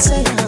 say